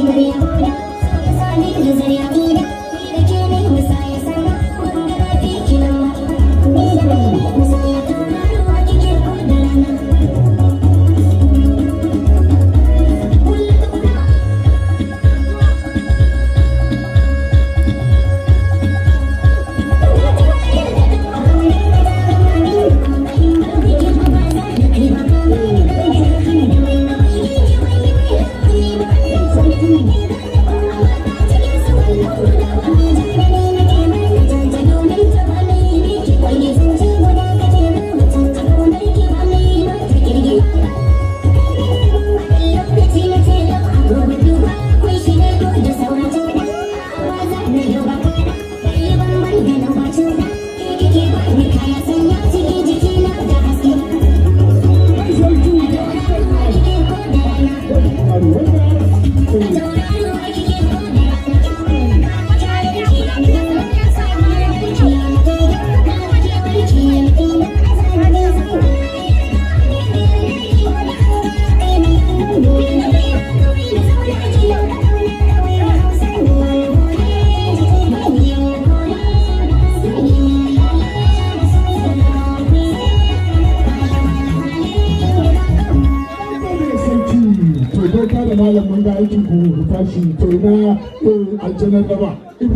की बड़ी पूरी सानिक नजरिया da malam mun aikin ku tashi to ina eh, aljanar gaba